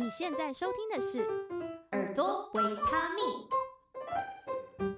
你現在收聽的是《耳朵維他命》，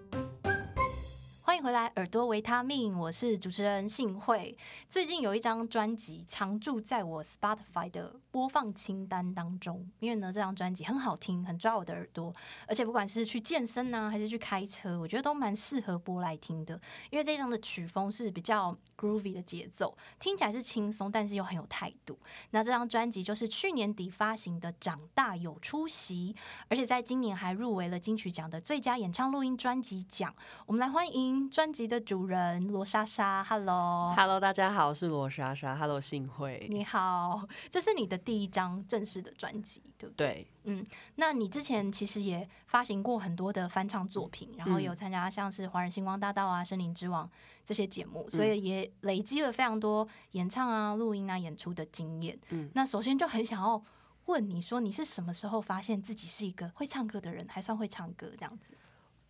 歡迎回來，《耳朵維他命》，我是主持人信慧。最近有一張專輯常駐在我 Spotify 的播放清單當中，因為呢這張專輯很好聽，很抓我的耳朵，而且不管是去健身啊，還是去開車，我覺得都蠻適合播來聽的。因為這張的曲風是比較 groovy 的節奏，聽起來是輕鬆，但是又很有態度。那這張專輯就是去年底發行的《長大有出息》，而且在今年還入圍了金曲獎的最佳演唱錄音專輯獎。我們來歡迎專輯的主人羅莎莎，Hello，Hello，Hello, 大家好，我是羅莎莎，Hello，幸會，你好，這是你的。第一張正式的專輯，對不對？對，嗯，那你之前其實也發行過很多的翻唱作品，然後有參加像是《華人星光大道》啊，嗯，《聲林之王》這些節目，所以也累積了非常多演唱啊、錄音啊、演出的經驗。嗯，那首先就很想要問你說，你是什麼時候發現自己是一個會唱歌的人，還算會唱歌這樣子？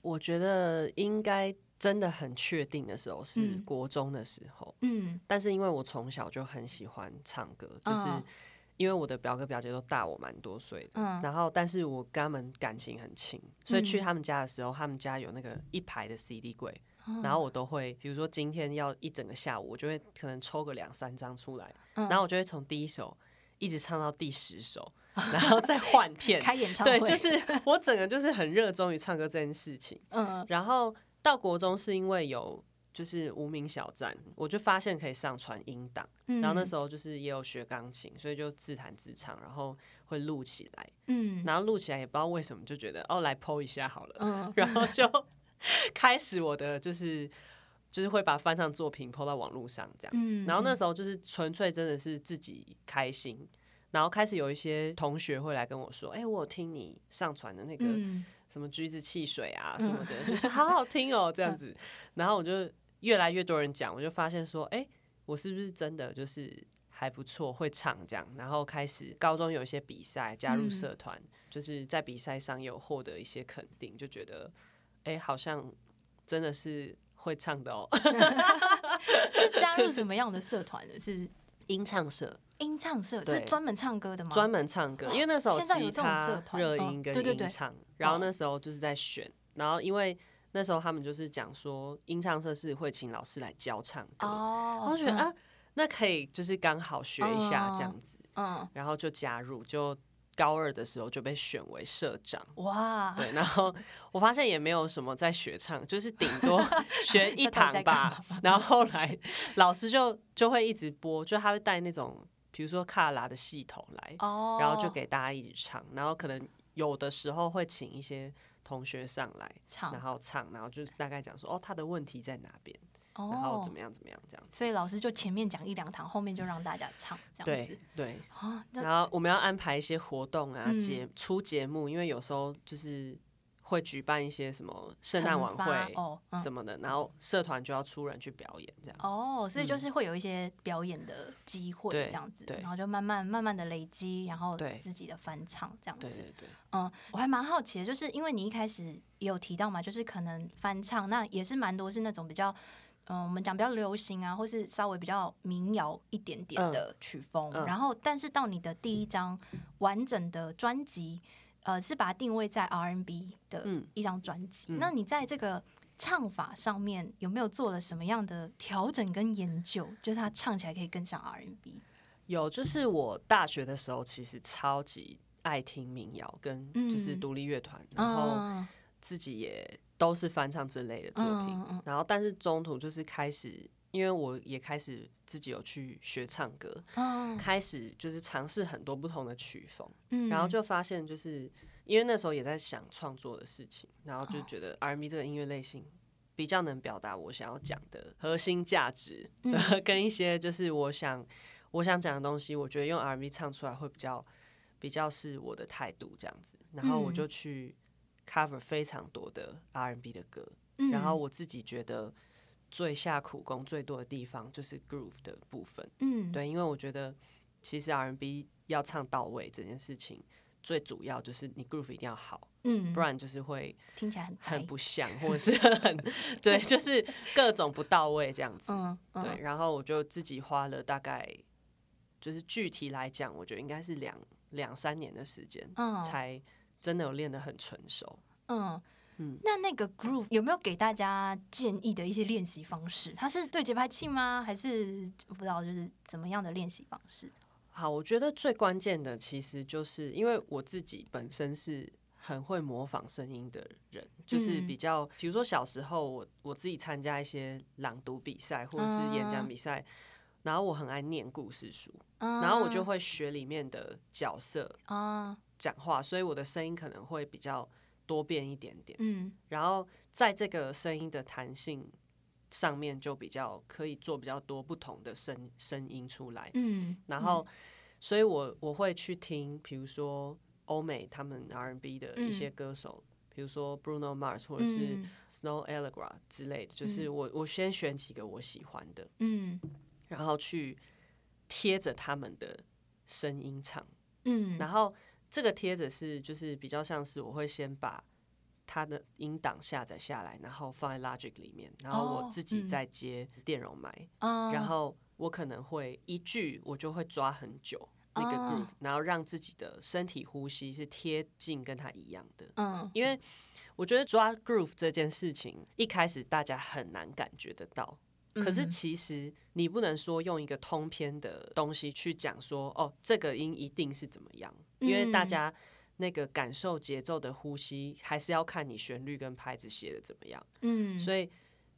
我覺得應該真的很確定的時候是國中的時候。嗯，嗯，但是因為我從小就很喜歡唱歌，就、嗯、是。因為我的表哥表姐都大我蠻多歲的，嗯、然後但是我跟他們感情很親，所以去他們家的時候，嗯、他們家有那個一排的 CD 櫃，嗯、然後我都會，比如說今天要一整個下午，我就會可能抽個兩三張出來，嗯、然後我就會從第一首一直唱到第十首，嗯、然後再換片，開演唱會，對，就是我整個就是很熱衷於唱歌這件事情。嗯，然後到國中是因為有。就是無名小站，我就發現可以上傳音檔，嗯、然後那時候就是也有學鋼琴，所以就自彈自唱，然後會錄起來，嗯，然後錄起來也不知道為什麼就覺得哦，來 PO 一下好了，哦、然後就開始我的就是就是會把翻唱作品 PO 到網絡上這樣，嗯、然後那時候就是純粹真的是自己開心，然後開始有一些同學會來跟我說，哎、欸，我有聽你上傳的那個什麼橘子汽水啊什麼的，嗯、就是好好聽哦、喔、這樣子，嗯、然後我就。越來越多人講，我就發現說，哎、欸，我是不是真的就是還不錯會唱這樣？然後開始高中有一些比賽，加入社團，嗯、就是在比賽上有獲得一些肯定，就覺得，哎、欸，好像真的是會唱的哦、喔。 是加入什麼樣的社團？是音唱社，音唱社對是專門唱歌的嗎？專門唱歌，因為那時候吉他現在有這種社團，熱音跟音唱。哦、對對對，然後那時候就是在選，然後因為。那時候他們就是講說，音唱社是會請老師來教唱歌，oh, okay. 我就覺得啊，那可以就是剛好學一下這樣子，uh, uh. 然後就加入，就高二的時候就被選為社長，哇，Wow. 對，然後我發現也沒有什麼在學唱，就是頂多學一堂吧， 然後後來老師就就會一直播，就他會帶那種比如說卡拉的系統來，oh. 然後就給大家一起唱，然後可能有的時候會請一些。同學上來唱，然後唱，然後就大概講說，哦，他的問題在哪邊，oh, 然後怎麼樣怎麼樣這樣。所以老師就前面講一兩堂，後面就讓大家唱，這樣子對。對 oh, that 然後我們要安排一些活動啊，嗯、節出節目，因為有時候就是。會舉辦一些什麼聖誕晚會什麼的，哦嗯、什麼的，然後社團就要出人去表演這樣。哦，所以就是會有一些表演的機會這樣子，嗯、然後就慢慢慢慢的累積，然後自己的翻唱這樣子。對，對對對。嗯，我還蠻好奇的，就是因為你一開始也有提到嘛，就是可能翻唱，那也是蠻多是那種比較，嗯，我們講比較流行啊，或是稍微比較民謠一點點的曲風。嗯嗯、然後，但是到你的第一張完整的專輯。嗯呃，是把它定位在 R&B 的一張專輯。嗯嗯、那你在這個唱法上面有沒有做了什麼樣的調整跟研究？就是他唱起來可以更像 R&B。有，就是我大學的時候其實超級愛聽民謠跟就是獨立樂團，嗯、然後自己也都是翻唱這類的作品。嗯、然後，但是中途就是開始。因為我也開始自己有去學唱歌，oh. 開始就是嘗試很多不同的曲風，嗯、然後就發現，就是因為那時候也在想創作的事情，然後就覺得 R&B 這個音樂類型比較能表達我想要講的核心價值，嗯、跟一些就是我想我想講的東西，我覺得用 R&B 唱出來會比較比較是我的態度這樣子。然後我就去 cover 非常多的 R&B 的歌，嗯、然後我自己覺得。最下苦功最多的地方就是 groove 的部分，嗯，對，因為我覺得其實 R&B 要唱到位，這件事情最主要就是你 groove 一定要好，嗯，不然就是會聽起來很很不像，或者是很 對，就是各種不到位這樣子，嗯，嗯對。然後我就自己花了大概，就是具體來講，我覺得應該是兩兩三年的時間，嗯，才真的有練得很成熟嗯，嗯。嗯、那那個 groove 有沒有給大家建議的一些練習方式？它是對節拍器嗎？還是不知道就是怎麼樣的練習方式？好，我覺得最關鍵的其實就是，因為我自己本身是很會模仿聲音的人，就是比較，比、嗯、如說小時候我我自己參加一些朗讀比賽或者是演講比賽，嗯、然後我很愛念故事書，嗯、然後我就會學裡面的角色啊講話，嗯、所以我的聲音可能會比較。多變一點點，嗯，然後在這個聲音的彈性上面就比較可以做比較多不同的聲聲音出來，嗯，然後，所以我我會去聽，比如說歐美他們 R&B 的一些歌手，嗯、比如說 Bruno Mars 或者是、嗯、Snoh Aalegra 之類的，就是我我先選幾個我喜歡的，嗯，然後去貼着他們的聲音唱，嗯，然後。這個貼子是就是比較像是我會先把它的音檔下載下來，然後放在 Logic 裡面，然後我自己再接電容麥，oh, 然後我可能會一句我就會抓很久，oh. 那個 groove，oh. 然後讓自己的身體呼吸是貼近跟它一樣的。嗯，oh. 因為我覺得抓 groove 這件事情一開始大家很難感覺得到，可是其實你不能說用一個通篇的東西去講說哦，這個音一定是怎麼樣。因為大家那個感受節奏的呼吸，還是要看你旋律跟拍子寫的怎麼樣。嗯，所以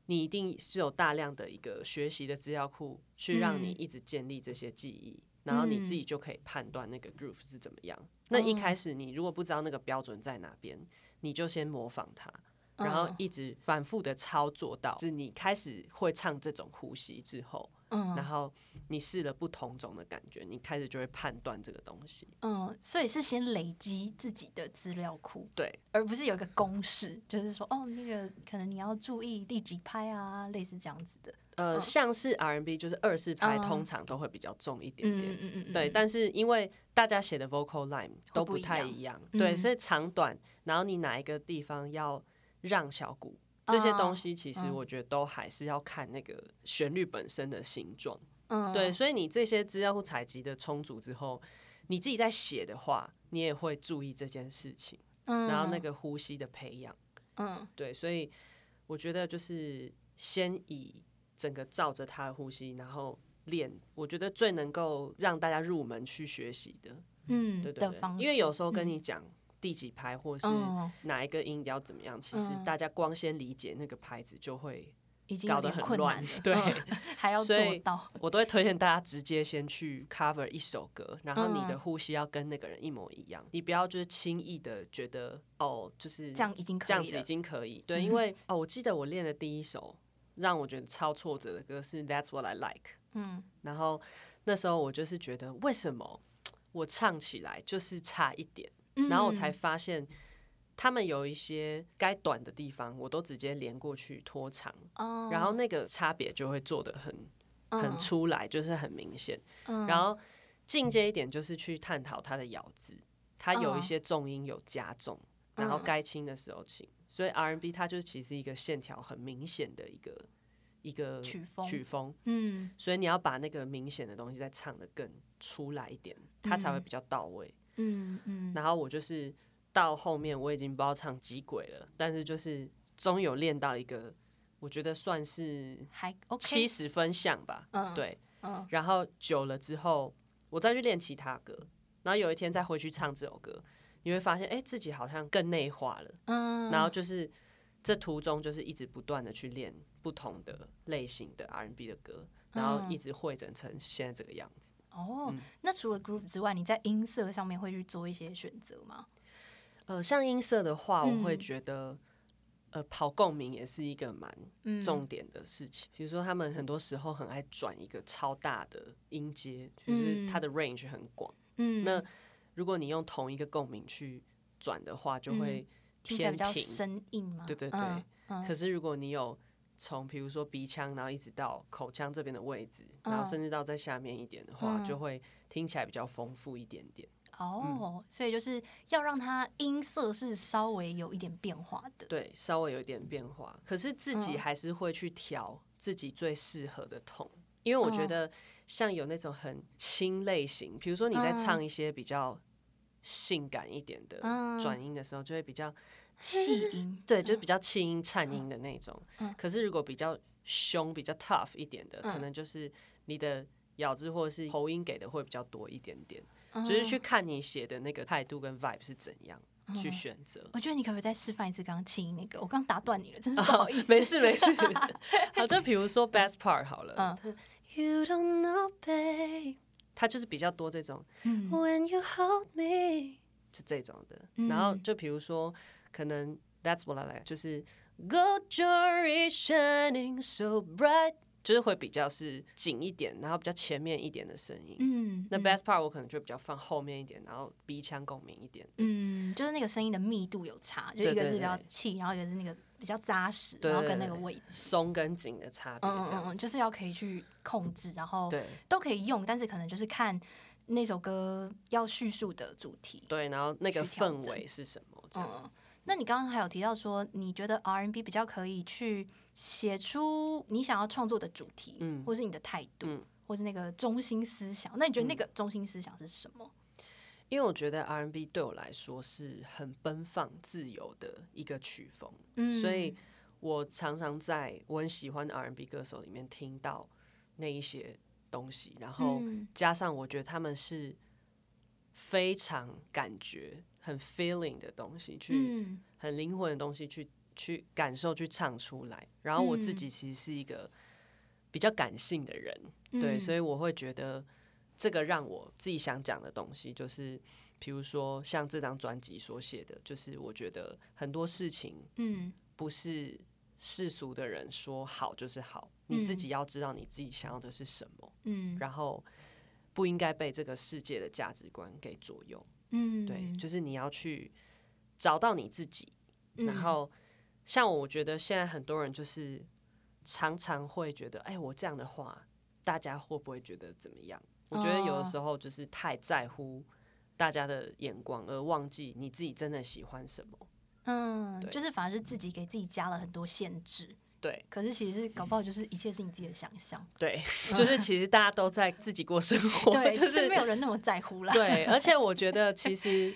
你一定是有大量的一個學習的資料庫，去讓你一直建立這些記憶，然後你自己就可以判斷那個 groove 是怎麼樣。那一開始你如果不知道那個標準在哪邊，你就先模仿它，然後一直反覆的操作到，就是你開始會唱這種呼吸之後。嗯、然後你試了不同種的感覺，你開始就會判斷這個東西。嗯，所以是先累積自己的資料庫，對，而不是有一個公式，就是說哦，那個可能你要注意第幾拍啊，類似這樣子的。呃，嗯、像是 R&B 就是二四拍，嗯、通常都會比較重一點點。嗯，嗯，嗯，對，但是因為大家寫的 vocal line 都不太一樣，一樣嗯、對，所以長短，然後你哪一個地方要讓小鼓。這些東西其實我覺得都還是要看那個旋律本身的形狀，嗯，對，所以你這些資料會採集的充足之後，你自己在寫的話，你也會注意這件事情，嗯，然後那個呼吸的培養，嗯，對，所以我覺得就是先以整個照着他的呼吸，然後練，我覺得最能夠讓大家入門去學習的，嗯，對，對對，因為有時候跟你講。嗯第幾排，或是哪一個音調怎麼樣？嗯、其實大家光先理解那個拍子，就會已經搞得很亂。對、嗯，還要做到，所以我都會推薦大家直接先去 cover 一首歌，然後你的呼吸要跟那個人一模一樣。嗯、你不要就是輕易的覺得哦，就是這樣已經這樣子已經可以。可以對，嗯、因為哦，我記得我練的第一首讓我覺得超挫折的歌是 That's What I Like。嗯，然後那時候我就是覺得為什麼我唱起來就是差一點。然後我才發現，他們有一些該短的地方，我都直接連過去拖長，嗯、然後那個差別就會做得很，嗯、很出來，就是很明顯。嗯、然後進階一點就是去探討它的咬字，它有一些重音有加重，嗯、然後該輕的時候輕，所以 R&B 它就其實一個線條很明顯的一個一個曲風曲風，嗯，所以你要把那個明顯的東西再唱得更出來一點，它才會比較到位。嗯嗯，嗯然後我就是到後面我已經不知道唱幾軌了，但是就是終於有練到一個，我覺得算是還七十分像吧。嗯，okay uh, 對，uh, 然後久了之後，我再去練其他歌，然後有一天再回去唱這首歌，你會發現，哎、欸，自己好像更內化了。嗯。Uh, 然後就是這途中就是一直不斷的去練不同的類型的 R&B 的歌，然後一直彙整成現在這個樣子。哦，oh, 嗯、那除了 group 之外，你在音色上面會去做一些選擇嗎？呃，像音色的話，嗯、我會覺得，呃，跑共鳴也是一個蠻重點的事情。嗯、比如說，他們很多時候很愛轉一個超大的音階，就是它的 range 很廣。嗯，那如果你用同一個共鳴去轉的話，就會偏平、生硬嗎？對對對。嗯嗯、可是如果你有從比如說鼻腔，然後一直到口腔這邊的位置，oh, 然後甚至到再下面一點的話，就會聽起來比較豐富一點點。哦、oh, 嗯，所以就是要讓它音色是稍微有一點變化的。對，稍微有一點變化，可是自己還是會去調自己最適合的 tone，oh, 因為我覺得像有那種很輕類型，比如說你在唱一些比較性感一點的轉音的時候，就會比較。氣音對，就是比較氣音、顫音的那種。可是如果比較兇、比較 tough 一點的，可能就是你的咬字或者是喉音給的會比較多一點點。就是去看你寫的那個態度跟 vibe 是怎樣去選擇。我覺得你可不可以再示範一次剛剛氣音那個？我剛打斷你了，真是不好意思。沒事沒事。好，就比如說 best part 好了。嗯，You don't know, babe。他就是比較多這種。When you hold me，就這種的。然後就比如說。可能 that's what I like 就是 gold jewelry shining so bright，就是會比較是緊一點，然後比較前面一點的聲音。嗯，那 best part 我可能就比較放後面一點，然後鼻腔共鳴一點。嗯，就是那個聲音的密度有差，就一個是比較氣，對對對，然後一個是那個比較扎實，對對對，然後跟那個位置鬆跟緊的差別，嗯，oh, oh, 就是要可以去控制，嗯、然後都可以用，對但是可能就是看那首歌要敘述的主題，對，然後那個氛圍是什麼這樣子。Oh. 那你剛剛還有提到說，你覺得 R&B 比較可以去寫出你想要創作的主題，嗯，或是你的態度，嗯，或是那個中心思想。那你覺得那個中心思想是什麼？因為我覺得 R&B 對我來說是很奔放、自由的一個曲風，嗯，所以我常常在我很喜歡的 R&B 歌手裡面聽到那一些東西，然後加上我覺得他們是非常感覺。很 feeling 的東西，去很靈魂的東西去，去去感受，去唱出來。然後我自己其實是一個比較感性的人，嗯、對，所以我會覺得這個讓我自己想講的東西，就是比如說像這張專輯所寫的，就是我覺得很多事情，嗯，不是世俗的人說好就是好，你自己要知道你自己想要的是什麼，嗯，然後不應該被這個世界的價值觀給左右。嗯，對，就是你要去找到你自己，嗯，然後像我，我覺得現在很多人就是常常會覺得，哎，我這樣的話，大家會不會覺得怎麼樣？哦，我覺得有的時候就是太在乎大家的眼光，而忘記你自己真的喜歡什麼。嗯，對就是反而是自己給自己加了很多限制。對，可是其實搞不好就是一切是你自己的想象。對，就是其實大家都在自己過生活， 對就是對，沒有人那麼在乎啦。對，而且我覺得其實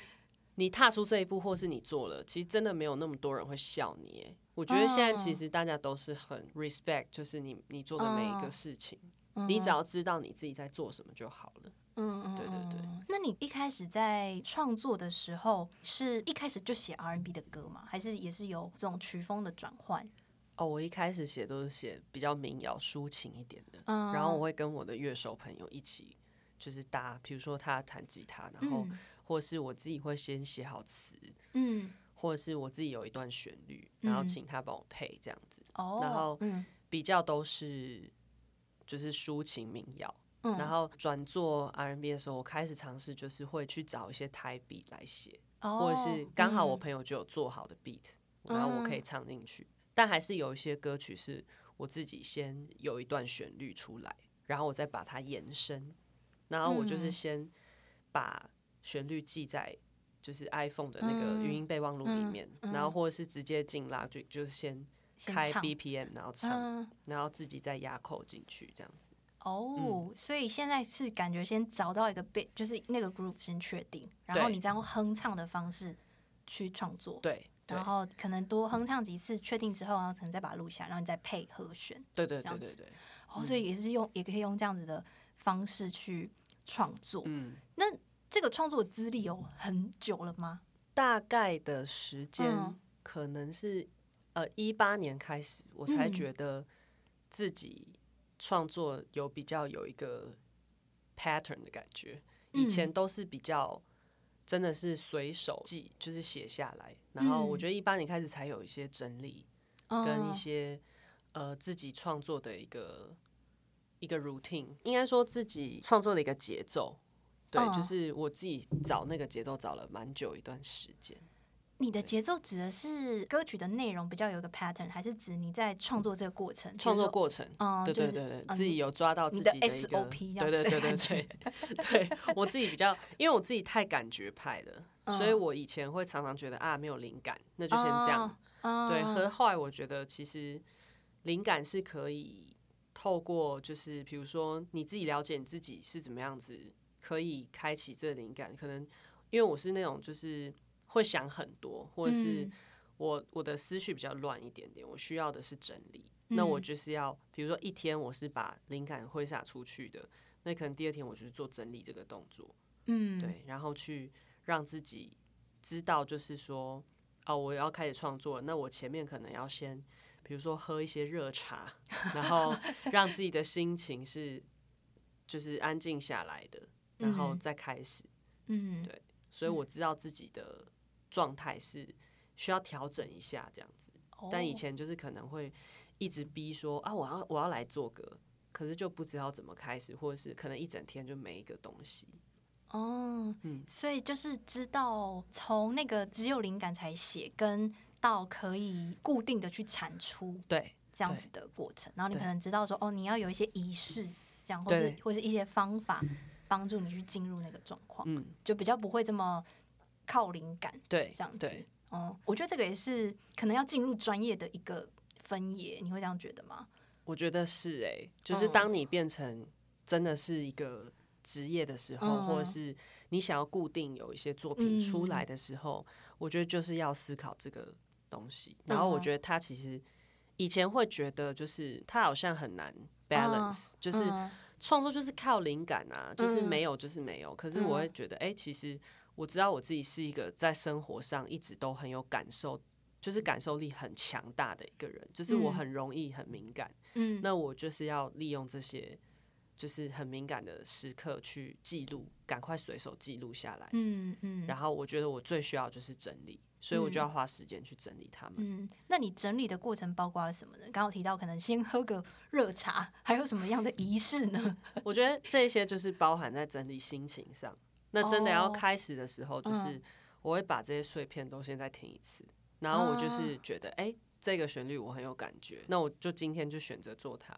你踏出這一步，或是你做了， 其實真的沒有那麼多人會笑你。哎，我覺得現在其實大家都是很 respect，就是你你做的每一個事情，嗯、你只要知道你自己在做什麼就好了。嗯嗯，對對對。那你一開始在創作的時候，是一開始就寫 R&B 的歌嗎？還是也是有這種曲風的轉換？哦，我一開始寫都是寫比較民謠、抒情一點的，uh, 然後我會跟我的樂手朋友一起，就是搭，比如說他彈吉他，然後、嗯、或者是我自己會先寫好詞，嗯，或者是我自己有一段旋律，然後請他幫我配這樣子，嗯、然後比較都是就是抒情民謠，嗯、然後轉做 R&B 的時候，我開始嘗試就是會去找一些台筆來寫，哦、或者是剛好我朋友就有做好的 beat、嗯、然後我可以唱進去。但還是有一些歌曲是我自己先有一段旋律出來，然後我再把它延伸，然後我就是先把旋律記在就是 iPhone 的那個語音備忘錄裡面，嗯嗯嗯、然後或者是直接進 Logic，就是先開 BPM，然後唱，唱嗯、然後自己再壓扣進去這樣子。哦，嗯、所以現在是感覺先找到一個 beat 就是那個 groove 先確定，然後你再用哼唱的方式去創作。對。然後可能多哼唱幾次，確、嗯、定之後啊，才能再把它錄下來，然後你再配和弦。對對對對對。哦，所以也是用，嗯、也可以用這樣子的方式去創作。嗯。那這個創作資歷有很久了嗎？大概的時間可能是、嗯、呃一八年開始，我才覺得自己創作有比較有一個 pattern 的感覺。以前都是比較。真的是隨手記，就是寫下來，然後我覺得一八年開始才有一些整理，嗯、跟一些呃自己創作的一個一個 routine，應該說自己創作的一個節奏，對，哦、就是我自己找那個節奏找了蠻久一段時間。你的節奏指的是歌曲的內容比較有個 pattern，還是指你在創作這個過程？嗯、創作過程，嗯、對對對、就是嗯、自己有抓到自己的一個，的 S. 對對對對對。 對，我自己比較，因為我自己太感覺派了，嗯、所以我以前會常常覺得啊，沒有靈感，那就先這樣。嗯、對，和後來我覺得，其實靈感是可以透過，就是比如說你自己了解你自己是怎麼樣子，可以開啟這靈感。可能因為我是那種就是。會想很多，或者是我我的思緒比較亂一點點，我需要的是整理。那我就是要，比如說一天我是把靈感揮灑出去的，那可能第二天我就是做整理這個動作。嗯，對，然後去讓自己知道，就是說，哦，我要開始創作了，那我前面可能要先，比如說喝一些熱茶，然後讓自己的心情是，就是安靜下來的，然後再開始。嗯，對，所以我知道自己的狀態是需要調整一下這樣子。哦、但以前就是可能會一直逼說啊，我要我要來做歌，可是就不知道怎麼開始，或者是可能一整天就沒一個東西。哦，嗯，所以就是知道從那個只有靈感才寫，跟到可以固定的去產出，對，這樣子的過程，然後你可能知道說對哦，你要有一些儀式，這樣或是對或是一些方法幫助你去進入那個狀況，嗯，就比較不會這麼。靠靈感，對，對，這樣子，哦，我覺得這個也是可能要進入專業的一個分野，你會這樣覺得嗎？我覺得是誒、欸，就是當你變成真的是一個職業的時候，嗯、或者是你想要固定有一些作品出來的時候，嗯、我覺得就是要思考這個東西。然後我覺得他其實以前會覺得，就是他好像很難 balance，嗯、就是創作就是靠靈感啊，就是沒有就是沒有。嗯、可是我會覺得，哎、欸，其實。我知道我自己是一個在生活上一直都很有感受，就是感受力很強大的一個人，就是我很容易很敏感。嗯，那我就是要利用這些，就是很敏感的時刻去記錄，趕快隨手記錄下來嗯。嗯嗯。然後我覺得我最需要就是整理，所以我就要花時間去整理他們。嗯，那你整理的過程包括了什麼呢？剛剛提到可能先喝個熱茶，還有什麼樣的儀式呢？ 我覺得這些就是包含在整理心情上。那真的要開始的時候，就是我會把這些碎片都先再聽一次，然後我就是覺得，哎，這個旋律我很有感覺，那我就今天就選擇做它。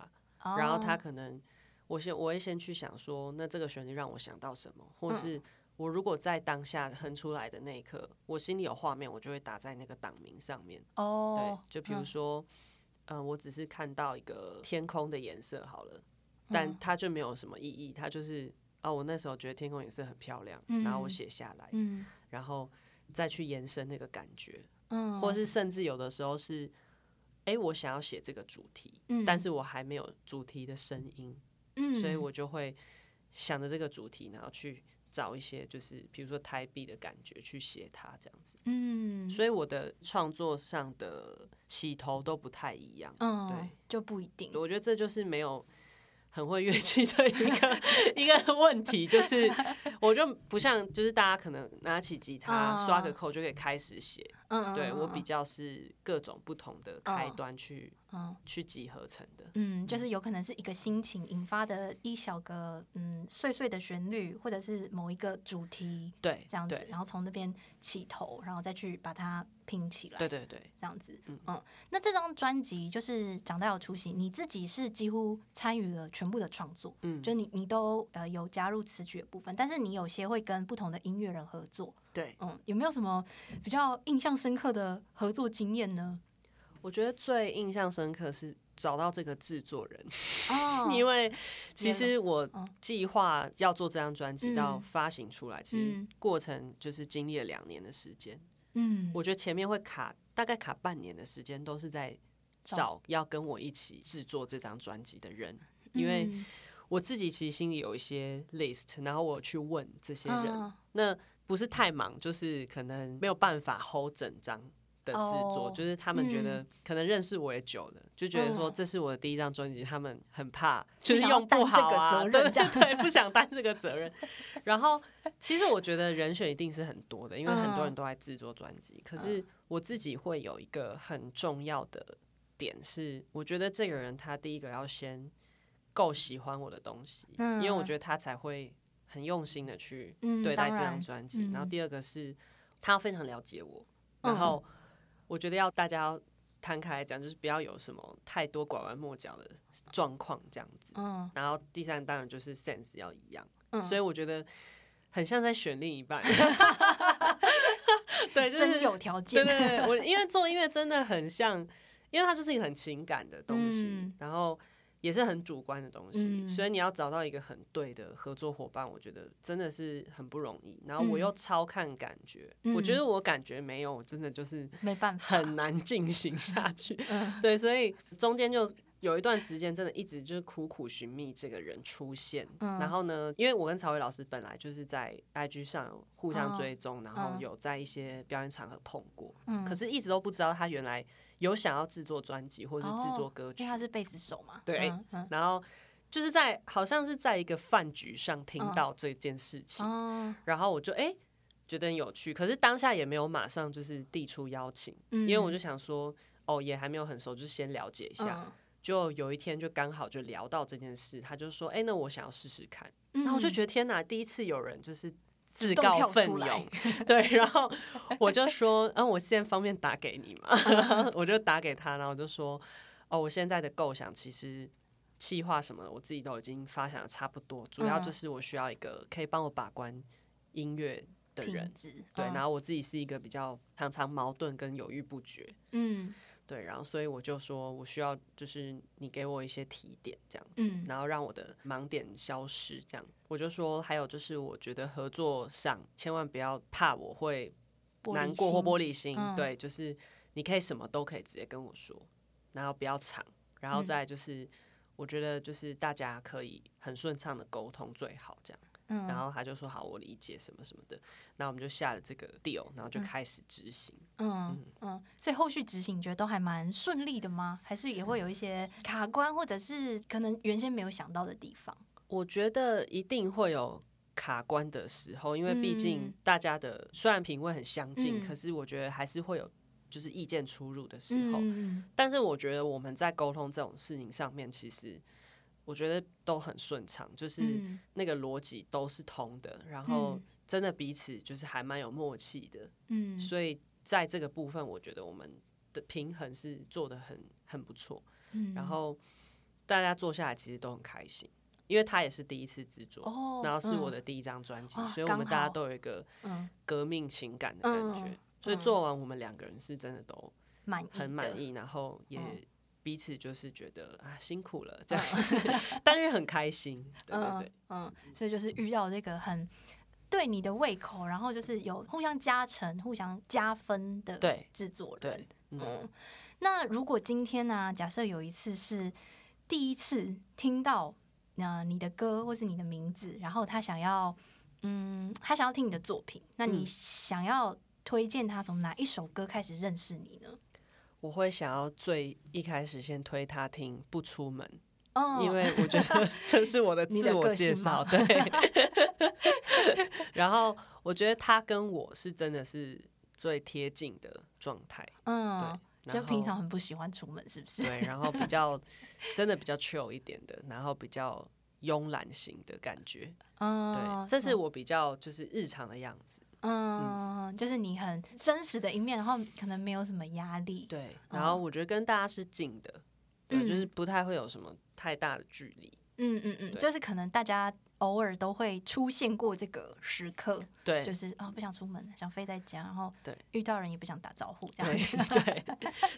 然後它可能，我先我會先去想說，那這個旋律讓我想到什麼，或是我如果在當下哼出來的那一刻，我心裡有畫面，我就會打在那個檔名上面。對，就比如說，嗯，我只是看到一個天空的顏色好了，但它就沒有什麼意義，它就是。啊、哦，我那時候覺得天空顏色很漂亮，嗯、然後我寫下來，嗯、然後再去延伸那個感覺，哦、或是甚至有的時候是，哎，我想要寫這個主題，嗯、但是我還沒有主題的聲音，嗯、所以我就會想着這個主題，然後去找一些就是比如說台幣的感覺去寫它這樣子。嗯，所以我的創作上的起頭都不太一樣，哦、對，就不一定。我覺得這就是沒有很會樂器的一個一個問題，就是我就不像就是大家可能拿起吉他刷個扣就可以開始寫，嗯，對我比較是各種不同的開端去嗯去集合成的， 嗯，就是有可能是一個心情引發的一小個嗯碎碎的旋律，或者是某一個主題，對，這樣子，對，對，然後從那邊起頭，然後再去把它，拼起來，對對對，這樣子，嗯，那這張專輯就是長大有出息，你自己是幾乎參與了全部的創作，嗯，就你你都呃有加入詞曲的部分，但是你有些會跟不同的音樂人合作，對，嗯，有沒有什麼比較印象深刻的合作經驗呢？我覺得最印象深刻是找到這個制作人，啊、哦， 因為其實我計劃要做這張專輯到發行出來，嗯、其實過程就是經歷了兩年的時間。嗯，我覺得前面會卡，大概卡半年的時間，都是在找要跟我一起制作這張專輯的人，因為我自己其實心裡有一些 list，然後我去問這些人，那不是太忙，就是可能沒有辦法 hold 整張。製作就是他們覺得可能認識我也久了，就覺得說這是我的第一張專輯，他們很怕就是用不好這個責任，對對，不想擔這個責任。然後其實我覺得人選一定是很多的，因為很多人都愛製作專輯。可是我自己會有一個很重要的點是，我覺得這個人他第一個要先夠喜歡我的東西，因為我覺得他才會很用心的去對待這張專輯。然後第二個是他要非常了解我，然後。我覺得要大家要攤開來講，就是不要有什麼太多拐彎抹角的狀況這樣子。嗯、然後第三當然就是 sense 要一樣。嗯、所以我覺得很像在選另一半。嗯、 對，就是、真有條件。對，對，對，因為做音樂真的很像，因為它就是一個很情感的東西。嗯、然後。也是很主觀的東西，嗯、所以你要找到一個很對的合作夥伴，我覺得真的是很不容易。然後我又超看感覺，嗯、我覺得我感覺沒有，真的就是沒辦法，很難進行下去。對，所以中間就有一段時間，真的一直就是苦苦尋覓這個人出現。嗯、然後呢，因為我跟曹偉老師本來就是在 IG 上有互相追蹤，哦、然後有在一些表演場合碰過，嗯、可是一直都不知道他原來。有想要製作專輯或者是製作歌曲，因為他是貝斯手嘛。對，然後就是在好像是在一個飯局上聽到這件事情，然後我就誒、欸、覺得很有趣，可是當下也沒有馬上就是遞出邀請，因為我就想說哦、喔、也還沒有很熟，就先了解一下。就有一天就剛好就聊到這件事，他就說哎、欸、那我想要試試看，那我就覺得天哪，第一次有人就是。自告奮勇，對，然後我就說，嗯，我現在方便打給你嘛？’ 我就打給他，然後我就說，哦，我現在的構想其實企劃什麼，我自己都已經發想差不多，主要就是我需要一個可以幫我把關音樂的人，質對，然後我自己是一個比較常常矛盾跟猶豫不決，嗯。對，然後所以我就說，我需要就是你給我一些提點，這樣子，嗯、然後讓我的盲點消失。這樣，我就說還有就是，我覺得合作上千萬不要怕我會難過或玻璃心。玻璃心嗯、對，就是你可以什麼都可以直接跟我說，然後不要藏，然後再就是我覺得就是大家可以很順暢的溝通最好這樣。嗯、然後他就說好，我理解什麼什麼的，那我們就下了這個 deal，然後就開始執行。嗯嗯，嗯所以後續執行覺得都還蠻順利的嗎？還是也會有一些卡關，或者是可能原先沒有想到的地方？我覺得一定會有卡關的時候，因為畢竟大家的雖然品味很相近，嗯、可是我覺得還是會有就是意見出入的時候。嗯、但是我覺得我們在溝通這種事情上面，其實。我覺得都很順暢，就是那個邏輯都是通的，嗯、然後真的彼此就是還蠻有默契的，嗯，所以在這個部分，我覺得我們的平衡是做得很很不錯，嗯、然後大家坐下來其實都很開心，因為他也是第一次製作，哦、然後是我的第一張專輯，嗯、所以我們大家都有一個革命情感的感覺，嗯、所以做完我們兩個人是真的都很滿意，意然後也。第一次就是覺得啊辛苦了這樣，uh, 但是很開心，uh, 對對對，嗯，uh, 所以就是遇到這個很對你的胃口，然後就是有互相加成、互相加分的制作人，對 uh, 嗯。那如果今天呢、啊，假設有一次是第一次聽到呃你的歌或是你的名字，然後他想要嗯他想要聽你的作品，那你想要推薦他從哪一首歌開始認識你呢？我會想要最一開始先推他聽不出門，哦，oh. 因為我覺得這是我的自我介紹，對。 然後我覺得他跟我是真的是最貼近的狀態，嗯、對，oh.，然後就平常很不喜歡出門，是不是？對，然後比較真的比較 chill 一點的，然後比較慵懶型的感覺，嗯，oh. 對，這是我比較就是日常的樣子，oh. 嗯。就是你很真實的一面，然後可能沒有什麼壓力。對，然後我覺得跟大家是近的，嗯，就是不太會有什麼太大的距離。嗯嗯嗯，就是可能大家偶爾都會出現過這個時刻，對，就是啊，不想出門，想飛在家，然後對，遇到人也不想打招呼，這樣子，對，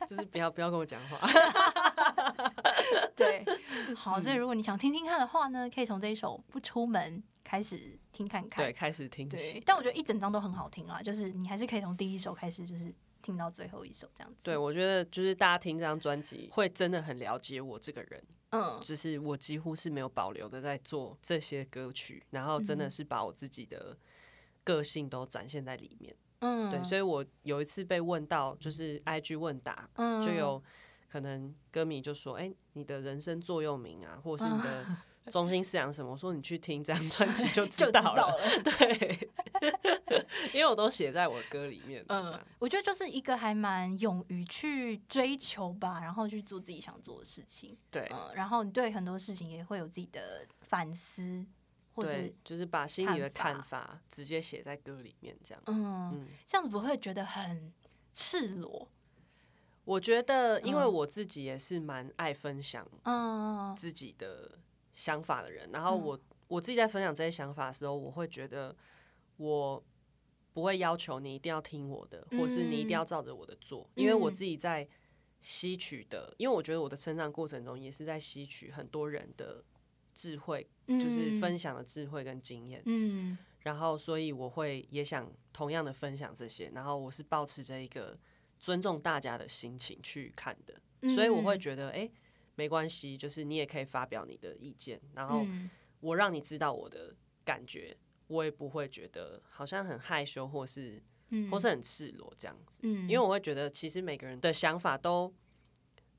就是不要不要跟我講話。對，好，所以如果你想聽聽看的話呢，可以從這一首不出門。開始聽看看，對，開始聽起。對，但我覺得一整張都很好聽啊，就是你還是可以從第一首開始，就是聽到最後一首這樣子。對，我覺得就是大家聽這張專輯會真的很了解我這個人，嗯，就是我幾乎是沒有保留的在做這些歌曲，然後真的是把我自己的個性都展現在裡面，嗯，對，所以我有一次被問到，就是 IG 問答，嗯、就有可能歌迷就說：“哎、欸，你的人生座右銘啊，或是你的。嗯”中心思想，什麼？我說你去聽這張專輯就知道了。 道對，因為我都寫在我的歌裡面。嗯，我覺得就是一個還蠻勇於去追求吧，然後去做自己想做的事情。對，然後你對很多事情也會有自己的反思，或者就是把心裡的看法直接寫在歌裡面這樣。嗯，這樣子不會覺得很赤裸。我覺得，因為我自己也是蠻愛分享，嗯，自己的。想法的人，然後我、嗯、我自己在分享這些想法的時候，我會覺得我不會要求你一定要聽我的，或是你一定要照着我的做，嗯、因為我自己在吸取的，因為我覺得我的成長過程中也是在吸取很多人的智慧，嗯、就是分享的智慧跟經驗。嗯，然後所以我會也想同樣的分享這些，然後我是抱持着一個尊重大家的心情去看的，所以我會覺得哎。欸沒關係，就是你也可以發表你的意見，然後我讓你知道我的感覺，嗯、我也不會覺得好像很害羞或是、嗯、或是很赤裸這樣子，嗯、因為我會覺得其實每個人的想法都，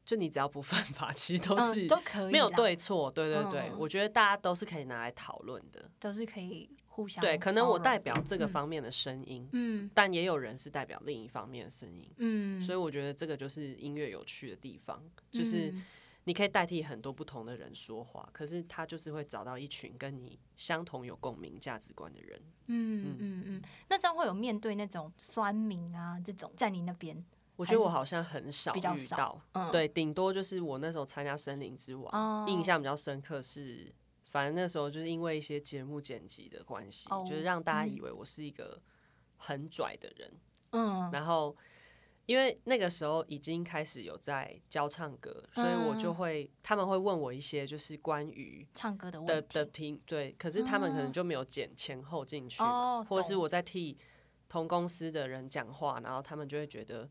就你只要不犯法，其實都是、啊、都可以，沒有對錯，對對對，哦、我覺得大家都是可以拿來討論的，都是可以互相，對，可能我代表這個方面的聲音嗯，嗯，但也有人是代表另一方面的聲音，嗯，所以我覺得這個就是音樂有趣的地方，就是。嗯你可以代替很多不同的人說話，可是他就是會找到一群跟你相同有共鳴價值觀的人。嗯嗯嗯，嗯，那這樣會有面對那種酸民啊這種在你那邊？我覺得我好像很少遇到，嗯、對，頂多就是我那時候參加《聲林之王》哦，印象比較深刻是，反正那時候就是因為一些節目剪輯的關係，哦、就是讓大家以為我是一個很拽的人。嗯，然後。因為那個時候已經開始有在教唱歌，嗯、所以我就會他們會問我一些就是關於唱歌的問題的聽，對，可是他們可能就沒有剪前後進去，嗯、或者是我在替同公司的人講話，哦、然後他們就會覺得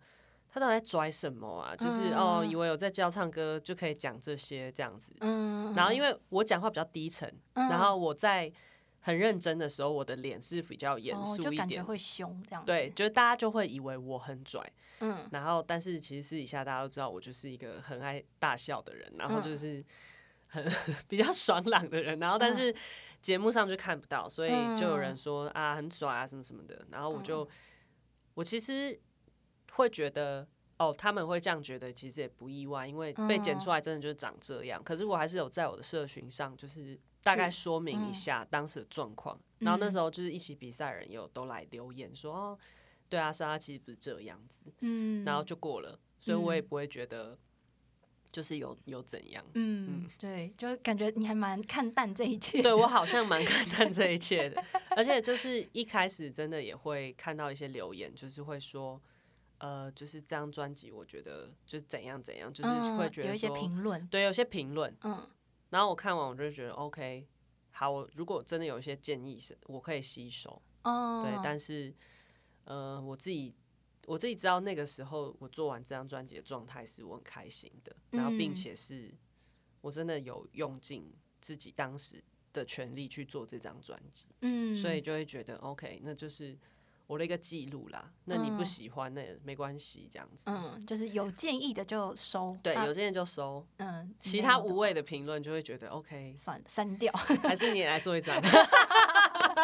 他到底在拽什麼啊？嗯、就是哦，以為我在教唱歌就可以講這些這樣子。嗯、然後因為我講話比較低沉，嗯、然後我在很認真的時候，我的臉是比較嚴肅一點，哦，就感覺會凶，這樣對，就大家就會以為我很拽。嗯，然後但是其實私底下大家都知道，我就是一個很愛大笑的人，然後就是很呵呵比較爽朗的人，然後但是節目上就看不到，所以就有人說啊很拽啊什麼什麼的，然後我就我其實會覺得哦，他們會這樣覺得其實也不意外，因為被剪出來真的就是長這樣，可是我還是有在我的社群上就是大概說明一下當時的狀況，然後那時候就是一起比賽的人也有都來留言說哦。對啊，是他其實不是這樣子，嗯，然後就過了，所以我也不會覺得就是有有怎樣，嗯，嗯對，就感覺你還蠻看淡這一切，對我好像蠻看淡這一切的， 而且就是一開始真的也會看到一些留言，就是會說，呃，就是這張專輯，我覺得就是怎樣怎樣，就是會覺得、嗯、有些評論，對，有些評論，嗯，然後我看完我就覺得 OK，好，我如果真的有一些建議是我可以吸收，哦、對，但是。嗯、呃，我自己我自己知道那個時候我做完這張專輯的狀態是我很開心的，嗯、然後並且是我真的有用盡自己當時的全力去做這張專輯，嗯，所以就會覺得 OK，那就是我的一個記錄啦。那你不喜歡、嗯、那也沒關係，這樣子，嗯，就是有建議的就收，對，啊、有建議就收，嗯，其他無謂的評論就會覺得 OK，算了，刪掉。 還是你來做一張。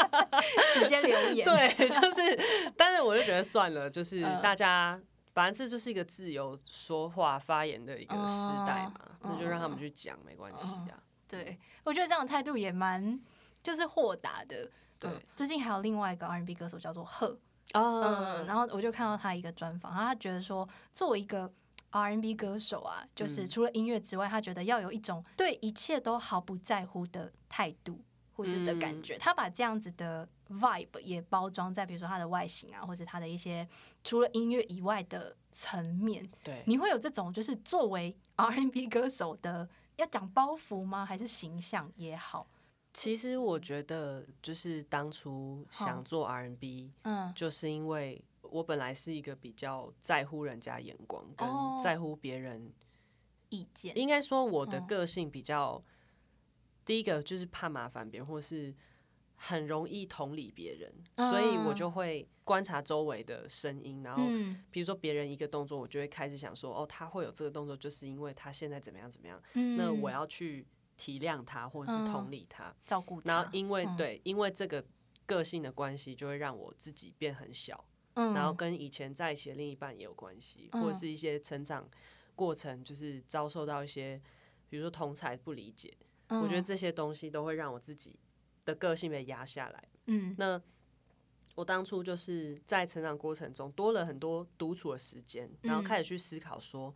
直接留連言 對，就是，但是我就覺得算了，就是大家反正，uh, 這就是一個自由說話發言的一個時代嘛，uh, uh, 那就讓他們去講，uh, 沒關係啊。對，我覺得這樣的態度也蠻就是豁達的。對，對最近還有另外一個 R&B 歌手叫做賀啊，uh, 嗯、然後我就看到他一個專訪，然後他覺得說作為一個 R&B 歌手啊，就是除了音樂之外，他覺得要有一種對一切都毫不在乎的態度。或是的感覺，嗯，他把這樣子的 vibe 也包裝在比如說他的外形啊，或者他的一些除了音樂以外的層面。對，你會有這種就是作為 R&B 歌手的要講包袱嗎？還是形象也好？其實我覺得，就是當初想做 R&B，嗯，就是因為我本來是一個比較在乎人家眼光跟在乎別人意見，應該說我的個性比較。第一個就是怕麻煩別人，或是很容易同理別人，所以我就會觀察周圍的聲音，然後比如說別人一個動作，我就會開始想說，哦，他會有這個動作，就是因為他現在怎麼樣怎麼樣，那我要去體諒他或者是同理他，照顧他。然後因為對，因為這個個性的關係，就會讓我自己變很小，然後跟以前在一起的另一半也有關係，或者是一些成長過程，就是遭受到一些，比如說同才不理解。我覺得這些東西都會讓我自己的個性被壓下來。嗯，那我當初就是在成長過程中多了很多獨處的時間，嗯、然後開始去思考說，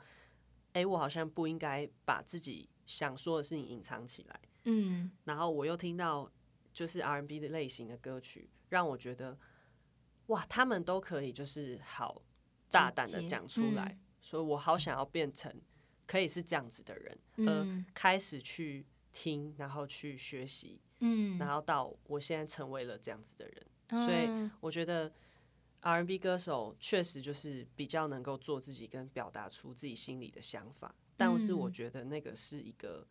哎、欸，我好像不應該把自己想說的事情隱藏起來。嗯，然後我又聽到就是 R&B 的類型的歌曲，讓我覺得，哇，他們都可以就是好大膽的講出來，姐姐嗯、所以我好想要變成可以是這樣子的人，嗯，而開始去。聽，然後去學習，嗯，然後到我現在成為了這樣子的人，嗯、所以我覺得 R&B 歌手確實就是比較能夠做自己，跟表達出自己心裡的想法。嗯、但是我覺得那個是一個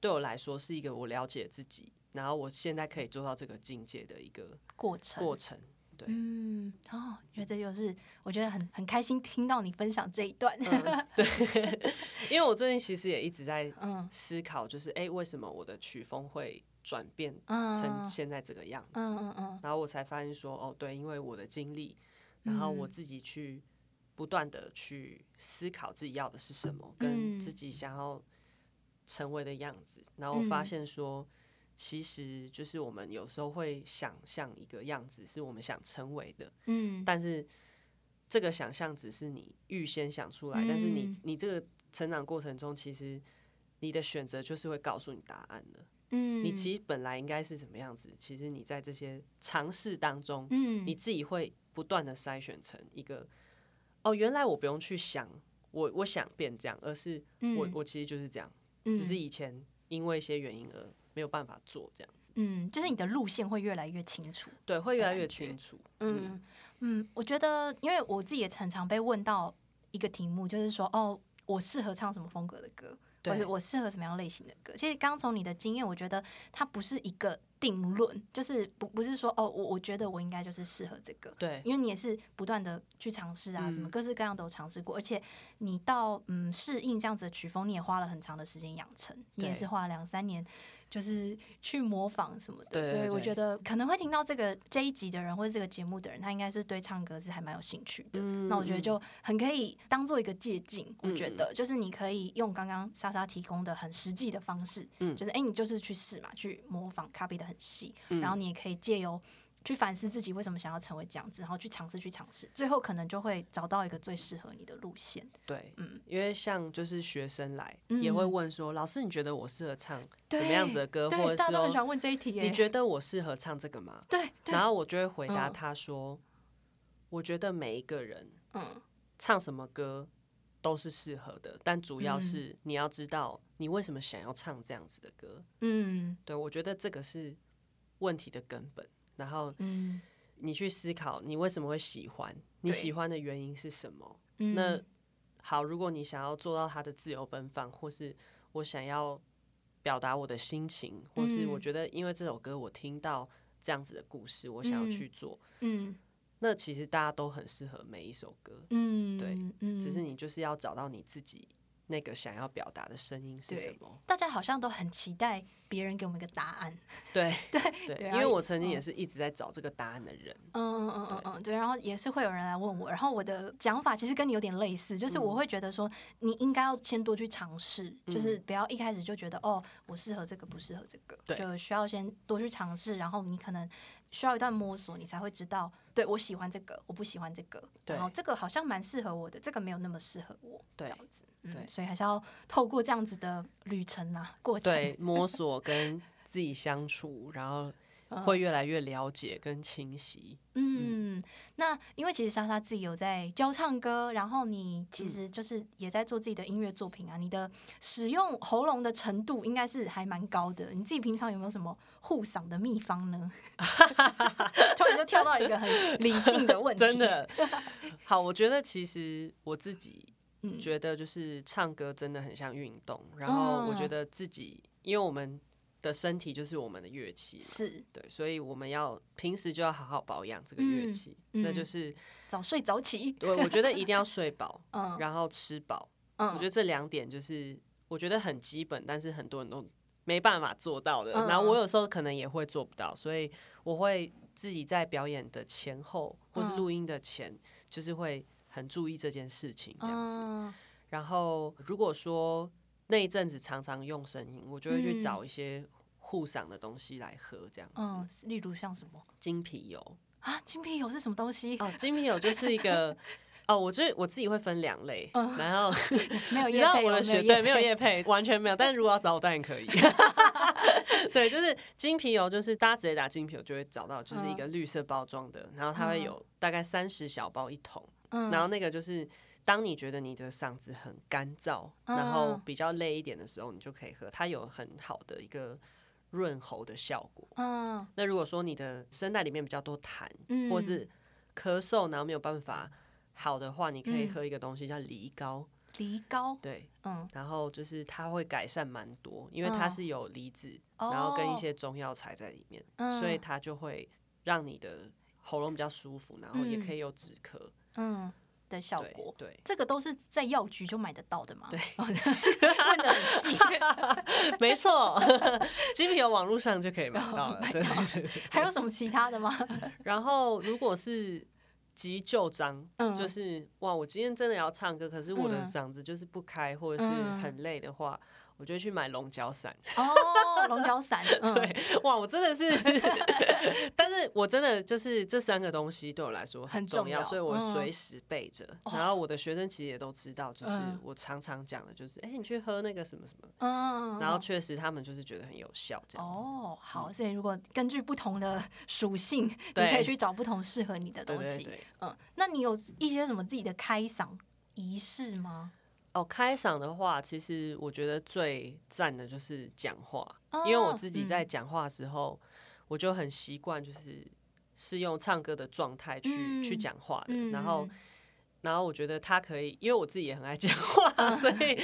對我來說是一個我了解自己，然後我現在可以做到這個境界的一個過程過程。對嗯，哦，覺得這就是，我覺得很很開心聽到你分享這一段、 嗯。對，因為我最近其實也一直在思考，就是哎、嗯，為什麼我的曲風會轉變成現在這個樣子？嗯嗯嗯嗯、然後我才發現說，哦，對，因為我的經歷，然後我自己去不斷的去思考自己要的是什麼，嗯、跟自己想要成為的樣子，然後我發現說，嗯其實就是我們有時候會想象一個樣子，是我們想成為的，嗯，但是這個想象只是你預先想出來，嗯、但是你你這個成長過程中，其實你的選擇就是會告訴你答案的，嗯，你其實本來應該是什麼樣子，其實你在這些嘗試當中，嗯，你自己會不斷的篩選成一個，哦，原來我不用去想，我我想變這樣，而是我、嗯、我其實就是這樣，只是以前因為一些原因而，沒有辦法做這樣子，嗯，就是你的路線會越來越清楚，對，會越來越清楚。對覺嗯嗯，嗯，我覺得，因為我自己也很常被問到一個題目，嗯、就是說，哦，我適合唱什麼風格的歌，對或者我適合什麼樣類型的歌？其實剛從你的經驗，我覺得它不是一個定論，就是不不是說哦，我我覺得我應該就是適合這個，對，因為你也是不斷的去嘗試啊，什麼、嗯、各式各樣的都嘗試過，而且你到嗯適應這樣子的曲風，你也花了很長的時間養成，對你也是花了兩三年。就是去模仿什麼的，對對對，所以我覺得可能會聽到這個這一集的人或者這個節目的人，他應該是對唱歌是還蠻有興趣的。嗯、那我覺得就很可以當做一個借鏡，嗯、我覺得就是你可以用剛剛莎莎提供的很實際的方式，嗯、就是哎，你就是去試嘛，去模仿，copy 的很細，然後你也可以借由。去反思自己為什麼想要成為這樣子，然後去嘗試去嘗試，最後可能就會找到一個最適合你的路線。對，嗯，因為像就是學生來、嗯、也會問說：“老師，你覺得我適合唱什麼樣子的歌？”對，或者是大家都很喜歡問這一題，你覺得我適合唱這個嗎？”對。對，然後我就會回答他說：“嗯、我覺得每一個人，嗯，唱什麼歌都是適合的，但主要是你要知道你為什麼想要唱這樣子的歌。”嗯，對，我覺得這個是問題的根本。然後，你去思考你為什麼會喜歡，嗯，你喜歡的原因是什麼？嗯，那好，如果你想要做到他的自由奔放，或是我想要表達我的心情，或是我覺得因為這首歌我聽到這樣子的故事，嗯，我想要去做，嗯，那其實大家都很適合每一首歌，嗯，對，嗯，只是你就是要找到你自己。那個想要表達的聲音是什麼？大家好像都很期待別人給我們一個答案。對對對， 對對，因為我曾經也是一直在找這個答案的人。嗯對嗯嗯嗯嗯，對。然後也是會有人來問我，然後我的講法其實跟你有點類似，就是我會覺得說，你應該要先多去嘗試，嗯、就是不要一開始就覺得、嗯、哦，我適合這個，不適合這個，對就需要先多去嘗試。然後你可能需要一段摸索，你才會知道，對我喜歡這個，我不喜歡這個，對然後這個好像蠻適合我的，這個沒有那麼適合我，對這樣子。對、嗯，所以還是要透過這樣子的旅程啊，過程，對，摸索跟自己相處， 然後會越來越了解跟清晰。嗯，嗯，那因為其實莎莎自己有在教唱歌，然後你其實就是也在做自己的音樂作品啊。嗯、你的使用喉嚨的程度應該是還蠻高的，你自己平常有沒有什麼護嗓的秘方呢？ 突然就跳到一個很理性的問題， 真的好，我覺得其實我自己。嗯、覺得就是唱歌真的很像運動，然後我覺得自己，嗯、因為我們的身體就是我們的樂器，是對，所以我們要平時就要好好保養這個樂器，嗯嗯、那就是早睡早起。 對，我覺得一定要睡飽，嗯、然後吃飽。嗯、我覺得這兩點就是我覺得很基本，但是很多人都沒辦法做到的。嗯、然後我有時候可能也會做不到，所以我會自己在表演的前後或是錄音的前，嗯、就是會。很注意這件事情，這樣子。然後，如果說那一陣子常常用聲音，我就會去找一些護嗓的東西來喝，這樣子。例如像什麼？金皮油。啊，金皮油是什麼東西？哦，金皮油就是一個哦，我就是我自己會分兩類。然後沒有業配，我的血對，沒有業配，完全沒有。但是如果要找我，當然可以。對，就是金皮油，就是大家直接打金皮油，就會找到，就是一個綠色包裝的，然後它會有大概三十小包一桶。嗯、然後那個就是，當你覺得你的嗓子很乾燥，嗯、然後比較累一點的時候，你就可以喝。它有很好的一個潤喉的效果。嗯、那如果說你的聲帶裡面比較多痰，嗯、或是咳嗽，然後沒有辦法好的話，你可以喝一個東西叫梨膏。梨膏，嗯。對，嗯、然後就是它會改善蠻多，因為它是有梨子，嗯、然後跟一些中藥材在裡面，嗯、所以它就會讓你的喉嚨比較舒服，然後也可以有止咳。嗯的效果，對，對這個都是在藥局就買得到的嗎？對， 問得很細， 沒錯，基本上網絡上就可以買到了。還有什麼其他的嗎？然後如果是急救章，嗯、就是哇，我今天真的要唱歌，可是我的嗓子就是不開，或者是很累的話。嗯我就會去買龍角散哦，龍角散對，哇，我真的是，但是我真的就是這三個東西對我來說很重要，重要，所以我隨時備着。嗯、然後我的學生其實也都知道，就是我常常講的，就是哎、嗯欸，你去喝那個什麼什麼，嗯嗯嗯然後確實他們就是覺得很有效這樣子。哦，好，所以如果根據不同的屬性，你可以去找不同適合你的東西。對對對對，嗯，那你有一些什麼自己的開嗓儀式嗎？哦，開嗓的話，其實我覺得最讚的就是講話，哦、因為我自己在講話的時候，嗯、我就很習慣，就是是用唱歌的狀態去、嗯、去講話的。嗯、然後，然後我覺得他可以，因為我自己也很愛講話，啊、所以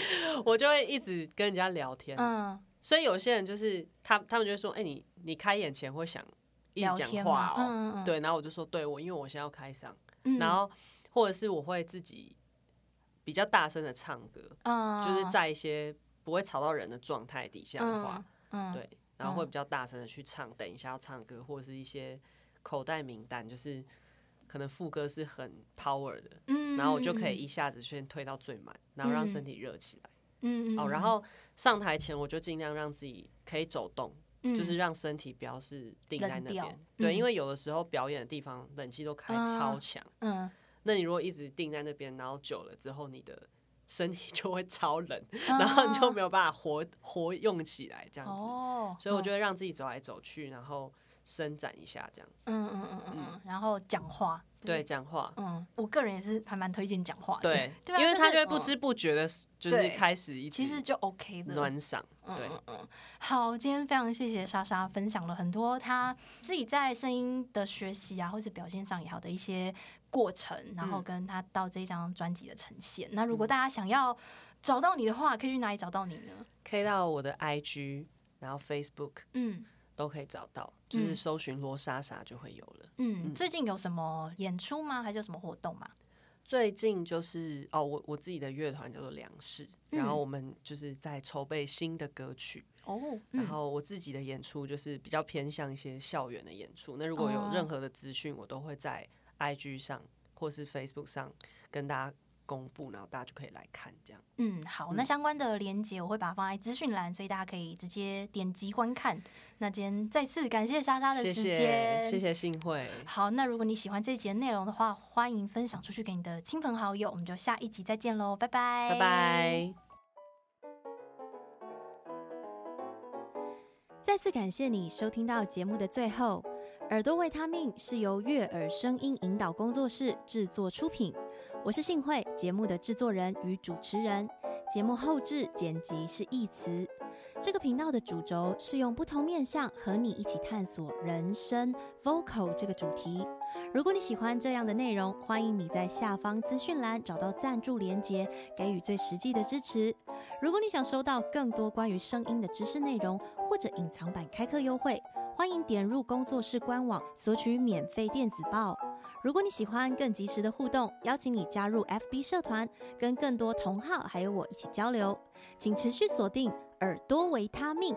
我就會一直跟人家聊天。啊、所以有些人就是他，他們就會說：“哎、欸，你你開演前會想一直講話哦。”嗯、對，然後我就說：“對我，因為我現在要開嗓。嗯”然後或者是我會自己。比較大聲的唱歌，uh, 就是在一些不會吵到人的狀態底下的話，uh, uh, 對，然後會比較大聲的去唱。Uh, 等一下要唱歌，或者是一些口袋名單，就是可能副歌是很 power 的，uh, 然後我就可以一下子先推到最滿，uh, 然後讓身體熱起來，嗯，哦，然後上台前我就盡量讓自己可以走動，uh, 就是讓身體不要是定在那邊，uh, 對，因為有的時候表演的地方冷氣都開超強，嗯。Uh, uh, 那你如果一直定在那邊，然後久了之後，你的身體就會超冷，然後你就沒有辦法活活用起來這樣子。哦，所以我就會讓自己走來走去，然後伸展一下這樣子。嗯嗯嗯嗯，然後講話。對，講話。嗯，我個人也是還蠻推薦講話的對，因為他就會不知不覺的，就是開始一其實就 OK 的暖嗓。對，嗯好，今天非常謝謝莎莎分享了很多她自己在聲音的學習啊，或是表現上也好的一些。過程，然後跟他到這張專輯的呈現。嗯、那如果大家想要找到你的話，可以去哪裡找到你呢？可以到我的 IG，然後 Facebook，嗯，都可以找到，就是搜尋羅莎莎就會有了。嗯，嗯最近有什麼演出嗎？還是有什麼活動嗎？最近就是哦，我我自己的樂團叫做糧食，然後我們就是在籌備新的歌曲哦。嗯、然後我自己的演出就是比較偏向一些校園的演出。那如果有任何的資訊，我都會在。IG 上或是 Facebook 上跟大家公布。然後大家就可以來看這樣。嗯，好，那相關的鏈接我會把它放在資訊欄，所以大家可以直接點擊觀看。那今天再次感謝莎莎的時間，謝謝，謝謝幸，信慧。好，那如果你喜歡這集內容的話，歡迎分享出去給你的親朋好友。我們就下一集再見嘍，拜拜。拜拜 bye。再次感謝你收聽到節目的最後。耳朵維他命是由樂耳聲音引導工作室製作出品，我是信慧，節目的製作人與主持人，節目後製剪輯是易慈。這個頻道的主軸是用不同面向和你一起探索人生 Vocal 這個主題。如果你喜歡這樣的內容，歡迎你在下方資訊欄找到贊助鏈接，給予最實際的支持。如果你想收到更多關於聲音的知識內容，或者隱藏版開課優惠，歡迎點入工作室官網索取免費電子報。如果你喜歡更及時的互動，邀請你加入 FB 社團，跟更多同好還有我一起交流。請持續鎖定。耳朵維他命。